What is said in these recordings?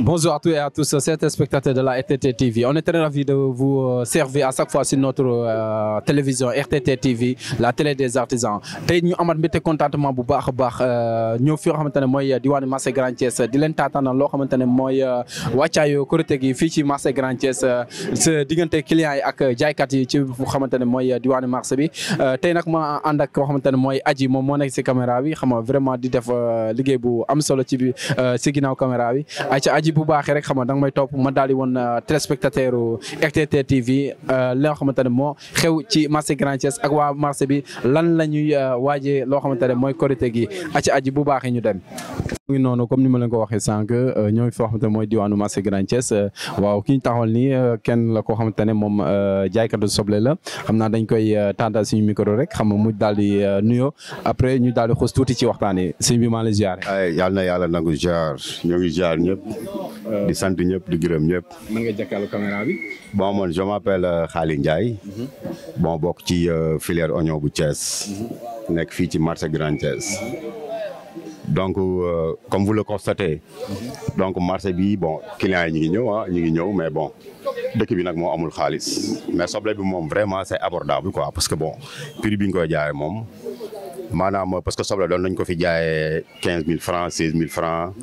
Bonjour à tous et à tous, c'est de la RTT TV. On est très ravis de vous euh, servir à chaque fois sur notre euh, télévision RTT TV, la télé des artisans. tey ñu amat mbégte contentement bu baax a baax euh, ñëw fi nga xamante ne mooy diwaanu marché Grand Thiès di leen taataanal loo xamante ne mooy wàccaayu Korité gi fii ci marché Grand Thiès sa diggante clients yi ak jaaykat yi ci bu xamante ne mooy diwaanu marché bi tey nag ma ànd ak koo xamante ne mooy aji moom moo nekk si caméra bi xam nga vraiment di def liggéey bu am solo ci bi si ginnaaw caméra bi aji bu baaxee rek xam nga danga may topp ma daal di woon euh, téléspectateur RTT TV euh, loo xamante ne moo xew ci marché Grand Thiès ak waa marché bi lan la ñuy euh, waajee loo xamante ne mooy korite gi aci aji bu baax baaxee ñu dem. mu ngi noonu comme ni ma leen ko waxee sànq ñooy foo xamante ne mooy diwaanu marché Grand waaw ki ñu taxawal nii kenn la koo xamante ne moom jaaykatu soble la xam naa dañ koy tàndaal suñu micro rek xam nga mu daal di nuyoo après ñu daal di xuus tuuti ci waxtaan yi sëñ bi maa ngi lay ziar. yàlla na yàlla nangu ziar ñoo ngi ziar ñëpp. Euh, di sant ñëpp di gërëm ñëpp. mën nga jàkkaarloo caméra bi. bon man je m'appelle euh, Khaly Ndiaye. Mhm. bon bokk ci euh, filière oignon bu Thiès. Mhm. nekk fii ci marché Grand Thiès. Mhm. donc euh, comme vous le constatez. donc marché bi bon clients yi ñu ngi ñëw ah ñu ngi ñëw mais bon dëkk bi nag moo amul xaalis. mais soble bi moom vraiment c'est abordable quoi parce que bon prix bi ñu koy jaayee moom maanaam parce que soble doon nañ ko fi jaay quinze mille francs seize mille francs.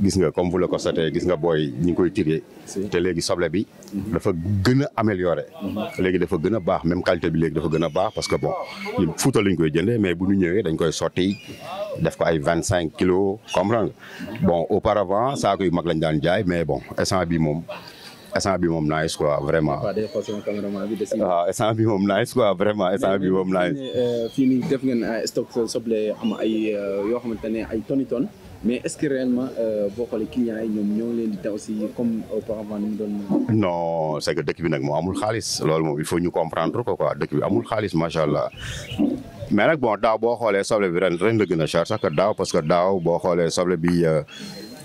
gis nga comme vous le constatez gis nga booy ñi ngi koy tiré te léegi soble bi dafa gën a amélioré mm-hmm. léegi dafa gën a baax même qualité bi léegi dafa gën a baax parce que bon ñun Fuuta lañ koy jëndee mais bu ñu ñëwee dañ koy soti def ko ay vingt cinq kilos comme nga bon auparavant saako yu mag lañ daan jaay mais bon essence bi moom essence bi moom nice quoi vraiment. waaw essence ah, bi moom nice quoi vraiment essence bi moom nice. Euh, fii nii def ngeen euh, stock soble am ay euh, yoo xamante ne ay tonnes tonnes. mais est-ce que réellement euh, boo xoolee clients yi ñoom ñoo leen di taw si comme auparavant ni c'est que dëkk bi nag moo amul xaalis loolu moom il faut ñu comprendre ko ko dëkk bi amul xaalis macha allah. mais nag bon daaw boo xoolee soble bi ren ren gën a cher sax daaw parce que daaw boo xoolee soble bi euh,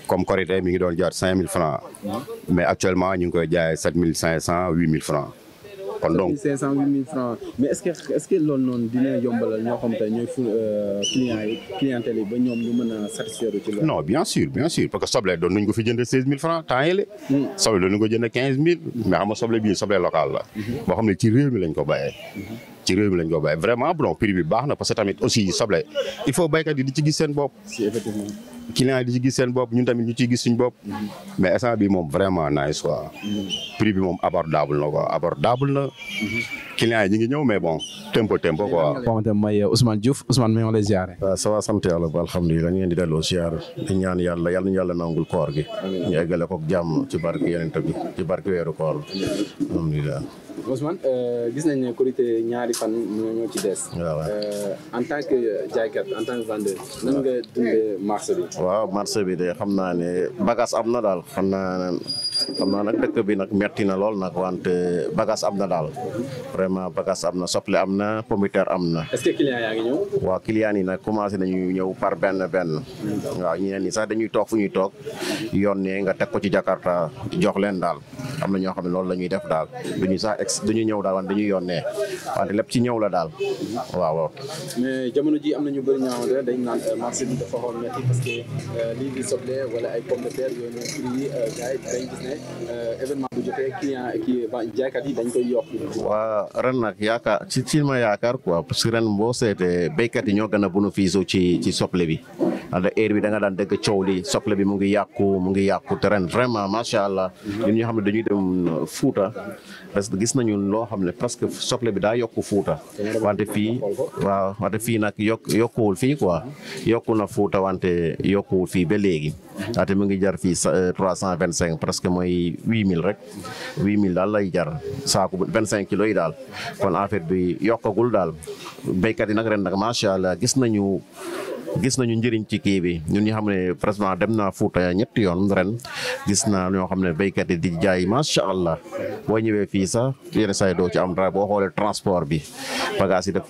comme Korité mi ngi doon jaar cinq mille francs mais actuellement ñu ngi koy jaayee sept mille cinq cent huit mil francs. kon donc 500 8000 francs mais est-ce que est-ce que loolu dina yombalal ñoo xam te ñooy fu euh, clients yi ba ñoom ñu mën a satisfaire ci loolu. non bien sûr bien sûr parce que soble doon nañ ko fi jëndee 16000 francs temps yële. Hmm. soble doon nañ ko jëndee 15000. mais xam nga soble bii soble local la. Hmm. boo xam ne ci réew mi lañ ko bàyyee. Hmm. ci réew mi lañ ko bàyyee vraiment bon prix bi baax na parce tamit aussi soble il faut béykat yi di ci gis seen bopp. client yi di ci gis seen bopp ñun tamit ñu ciy gis suñu bopp mais instant bi moom vraiment nice quoi prix bi moom abordable na quoi abordable na client yi ñu ngi ñëw mais bon tempo tempo quoi. xamante mooy Ousmane Diouf Ousmane mi ngi lay ziare. waaw ah, ça va sant yàlla ba alhamdulilah ñu ngi leen di delloo ziare di yàlla yàlla ñu yàlla nangul koor gi. ñu eggale ko jàmm ci barke yeneen bi ci barke weeru euh, gis nañ ne ñaari fan ñoo ci des. waaw ah, euh, en tant que jaaykat en tant que vendeur. nan nga dundee marché bi. waaw marché bi de xam naa ne bagage am na daal xam naa xam naa nag dëkk bi nag metti na lool nag wante bagage am na daal vraiment bagage am na soble am na pomiteer am na. est-ce que client yaa yi nag commencé nañu ñëw par benn benn. waaw ñeneen ñi sax dañuy toog fu ñuy toog yoon yónnee nga teg ko ci Jakarta jox leen daal. am na ñoo xam ne loolu la def daal duñu sax ex duñu ñëw daal wante dañuy yónnee wante lépp ci ñëw la daal waaw waaw. mais jamono ji am na ñu bëri ñoo dañ naan euh, marché bi dafa xool métti parce que euh, lii di euh, dañ gis ne événement ren nag yaakaar ci ci ma yaakaar quoi parce que ren boo seetee béykat yi ñoo gën a bénéfice ci ci soble bi. da heure bi danga nga daan dëgg coow li soble bi mu ngi yàqu mu ngi yàqu te ren vraiment macha allah ñun ñoo xam ne dañuy dem euh, Fuuta parce que gis nañu loo xam ne presque soble bi daa yokku Fuuta wante fii waaw wante fii nag yokk yokkuwul fii quoi yokku na Fuuta wante yokkuwul fii ba léegi wante mu ngi jar fii euh, trois cent vingt cinq presque mooy huit mille rek huit mille daal lay jar saaku vingt cinq kilos yi daal kon affaire bi yokkagul daal béykat yi nag ren nag macha allah gis nañu gis nañu njëriñ ci kii bi ñun ñu xam ne pratiquement dem naa Fuuta ñetti yoon ren gis naa ñoo xam ne béykat yi di jaay macha allah boo ñëwee fii sax yenn say doo ci am dara boo xoolee transport bi bagage yi def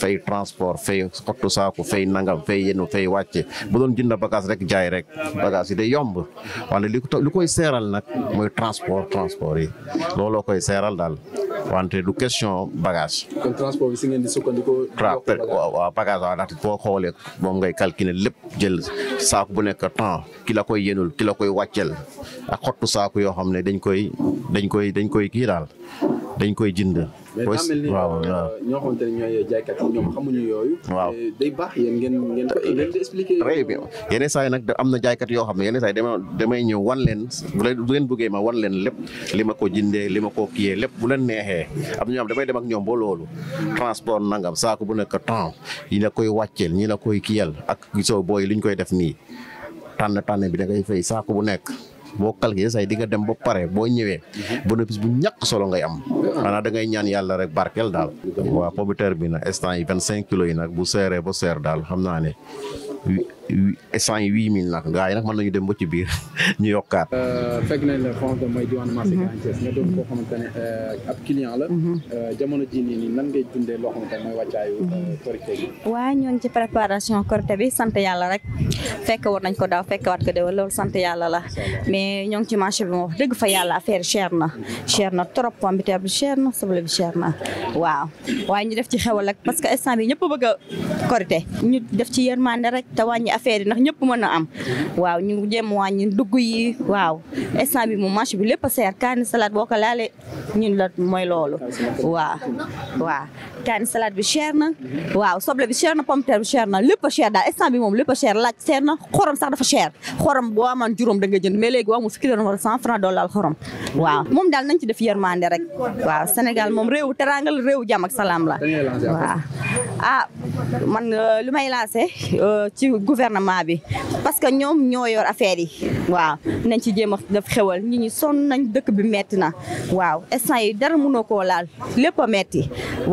fay transport fay xottu saako fay nangam fay yenu fay wàcce bu doon jënd bagage rek jaay rek bagage yi day yomb wante li li koy seeral nag mooy transport transport yi looloo koy seeral daal. wante du question bagage. kon transport bagage waaw ndaxte boo xoolee moom ngay calculer lépp jël saako bu nekk temps ki la koy yénul ki koy wàccel ak xottu saako yoo xam ne dañ koy dañ koy dañ koy kii koy jënd. boys waaw waaw ñoo xamante ne ñooy jaaykat ñoom xamuñu yooyu. waaw day baax yéen ngeen ngeen ko yi nag am na jaaykat yoo xam ne yenn saa yi damay ñëw wan leen bu leen bëggee ma wan leen lépp li ma ko jindee li ma ko kiiyee lépp bu leen neexee am ñoom damay dem ak ñoom ba loolu. transport nangam saako bu nekk temps yi la koy wàcceel ñi la koy kiyal ak gisoo booy li koy def nii tànn tànn bi da ngay fay saako bu nekk. boo calculé say di nga dem ba pare boo ñëwee mhm. bénéfice bu ñàkk solo ngay am xanaa dangay ñaan yàlla rek barkeel daal waaw pompiteur bi nag instant yi vingt cinq kilo yi nag bu seeree ba seer daal xam naa ne yi huit mille nag gars yi nag mën nañu dem ba ci biir ñu yokkaat. Euh, fekk nañ la mhm. xamante ne euh, mooy mhm. diwaanu euh, jamono jii nii nii nan ngay dundee loo xamante mooy wàccaayu korité bi. waaw sant yàlla rek. fekk war nañ ko daaw fekk waat ko déwén loolu sant yàlla la mais ñoo ngi ci marché bi moom wax fa yàlla affaire cher na cher na trop pomme de bi cher na soble bi ñu def ci xewal ak parce que instant bi ñëpp bëgg a korité ñu def ci yërmande rek te wàññi affaire yi ndax ñëpp mën a am waaw ñu jéem wàññi dugg yi waaw instant bi moom marché bi lépp a seer kaani boo ko laalee ñun la mooy loolu waaw bi cher na daal instant bi moom lépp a laaj cher na xorom sax dafa cher xorom boo amoon juróom da nga jënd mais léegi waaw mu moom daal nañ ci def yërmande rek waaw Sénégal moom réewu teranga la réewu jàmm ak salaam la waaw ah man euh, lu may lancé euh, ci gouvernement bi parce que ñoom ñoo yor affaire yi waaw nañ ci jéem a def xewal ñi ñi sonn nañ dëkk bi metti na waaw instant yi dara mënoo koo laal lépp a metti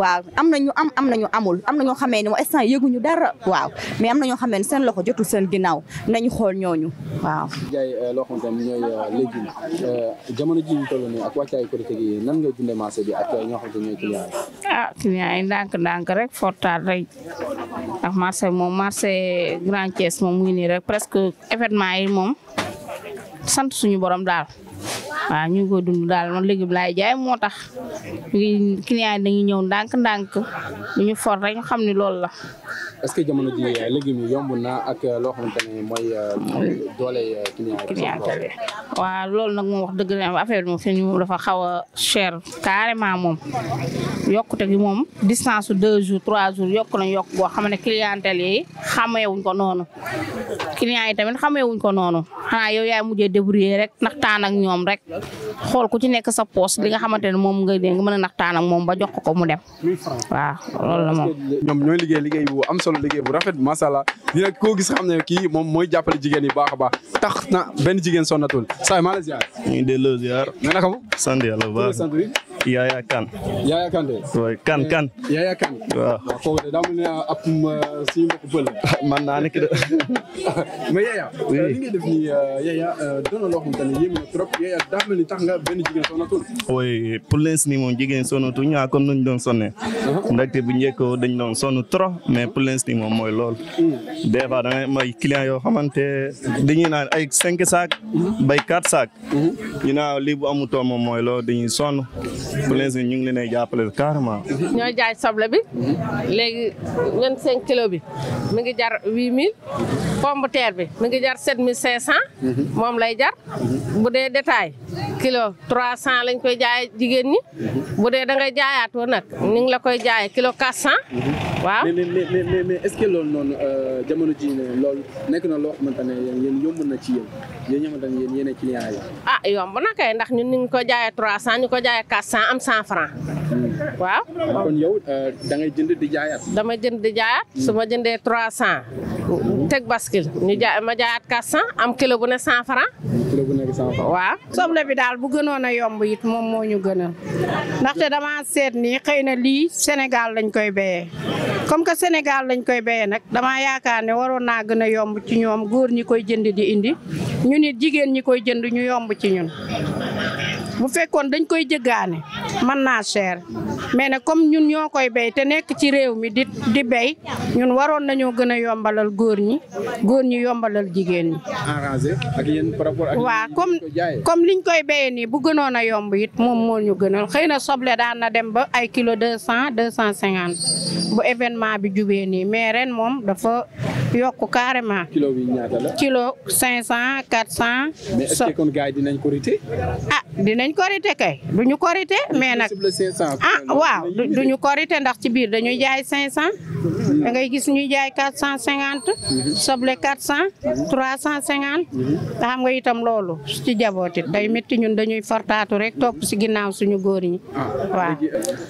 waaw am nañu am am nañu amul am na ñoo xamee ne moom instant yëguñu dara waaw mais am na ñoo xamee ne seen loxo jotul seen ginnaaw nañu xool ñooñu waaw. jaay euh, loo xamante euh, euh, jamono ji ñu toll nii ak wàccaay Korité gi nan nga dundee marché bi ak ñoo xamante ñooy client ah client yi ndànk-ndànk rek fortaat rek ndax marché moom marché Grand Thiès moom mu ngi nii rek presque événement yi moom sant suñu borom daal. waaw ñu ngi ko dund daal man légume laay jaay moo tax client yi dañuy ñëw ndànk-ndànk ñu for rek ñu xam ni loolu la. est-ce jamono ji légumes yi yomb na ak loo xamante mooy euh, doole client yi. waaw loolu nag moom wax dëgg la affaire bi moom fi moom dafa xaw a cher carrément moom yokkute gi moom distance su deux jours trois jours yokk nañ yokk boo xam ne clientèle yi xameewuñ ko noonu client yi tamit xameewuñ ko noonu xanaa yow yaay mujjee débrouiller rek naxtaan ak ñoom rek xool ku ci nekk sa poos li nga xamante ne moom nga dégg mën a naxtaan ak moom ba jox ko mu dem waaw loolu la moom. ñoom ñooy liggéey liggéey bu am solo liggéey bu rafet macha allah dina koo gis xam ne kii moom mooy jàppale jigéen yi baax a baax tax na benn jigéen sonnatul saa yu maa la ziar. ñu ngi delloo ziar. nga naka sant yàlla bu baax Yaya Kane. Yaya Kane de. Eh, waaw Kane Kane. ni man naa nekk de. mais Yaya. oui euh, li nga def euh, euh, trop Yaya daa tax nga benn jigéen sonatul. oui pour l'instant moom jigéen sonatul ñaa comme nuñ doon uh-huh. bu njëkk dañ doon sonn trop mais pour l'instant moom mooy lool. Mm. des fois may client yoo xamante dañuy naan ay cinq sacs. Mm-hmm. bay quatre sacs. Mm-hmm. ñu naan lii bu amutoon moom mooy lool dañuy sonn. Blaise ñu ngi leen ay jàppale carrément. ñoo jaay soble bi léegi vingt cinq kilo bi mi ngi jar huit mille. pompe terre bi mi ngi jar sept mille cinq cent moom lay jar bu dee détail kilo trois cent lañ koy jaayee jigéen ñi bu dee da ngay jaayaatoo nag ñu ngi la koy jaayee kilo quatre cent waaw mais mais mais mais euh, jamono ji ne loolu nekk na loo ne yéen yomb na ci yéen yéen xamante ne yéen yéen ah, yomb na kay ndax ñun ñu ngi ko jaayee trois cent ñu ko jaayee quatre cent am cent franc hmm. waaw kon yow euh, da ngay jënd di jaayaat damay jënd di jaayaat su ma jëndee trois cent teg bascule ñu jaay ma jaayaat 400 am kilo bu ne 100 francs kilo soble bi daal bu gënoon a yomb it moom moo ñu gënal ndaxte dama seet nii xëy na lii Sénégal lañ koy béyee comme que Sénégal lañ koy béyee nag dama yaakaar ne waroon naa gën a yomb ci ñoom góor ñi koy jënd di indi ñu nit jigéen ñi koy jënd ñu yomb ci ñun bu fekkoon dañ koy jëggaane man naa cher mais ne comme ñun ñoo koy béy te nekk ci réew mi di di béy ñun waroon nañoo gën a yombalal góor ñi góor ñi yombalal jigéen ñi. arrangé ak comme liñ koy béyee nii bu gënoon a yomb it moom moo ñu gënal xëy na soble daan na dem ba ay kilo deux cent deux cent cinquante bu événement bi jubee nii mais moom dafa. yokku carrément. kilo bi ñaata la. kilo 500 400. mais est-ce que kon gars yi dinañ korite ah dinañ korité kay duñu korité mais nag. a ah, waaw ñu korité ndax ci biir dañuy jaay 500. da ngay gis ñuy jaay quatre cent cinquante soble quatre cent trois cent cinquante nga xam nga itam loolu ci jaboot it day métti ñun dañuy fortaatu rek topp si ginnaaw suñu góor ñi ah. waaw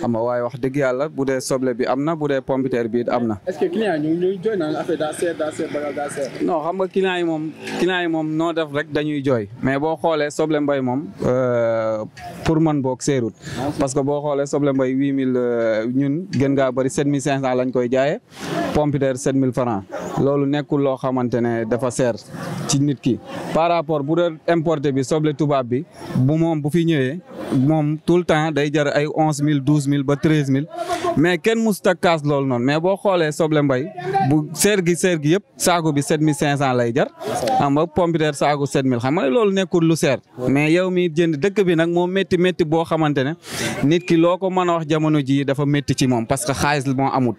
xam nga waaye wax dëgg yàlla bu dee soble bi am na bu dee pompiteer bi am na est-ce que xam nga client yi moom client yi moom noo def rek dañuy jooy mais boo xoolee soble mbay moom euh, pour man boog seerut ah. parce que boo xoolee soble mbay huit mille euh, ñun gën ngaa bëri sept mille cinq cent lañ koy jaay jaayee pompiteer 7000 francs loolu nekkul loo xamante ne dafa seer ci nit ki par rapport bu doon importé bi soble tubaab bi bu moom bu fi ñëwee moom tout le temps day jar ay 11000 12000 ba 13000 mais kenn musta kaas lool noonu mais boo xoolee soble mbay bu seer gi seer gi yëpp saako bi 7500 lay jar xam nga pompiteer saako 7000 xam nga loolu nekkul lu seer mais yow mi jënd dëkk bi nag moo métti métti boo xamante ne nit ki loo ko mën a wax jamono ji dafa métti ci moom parce que xaalis amut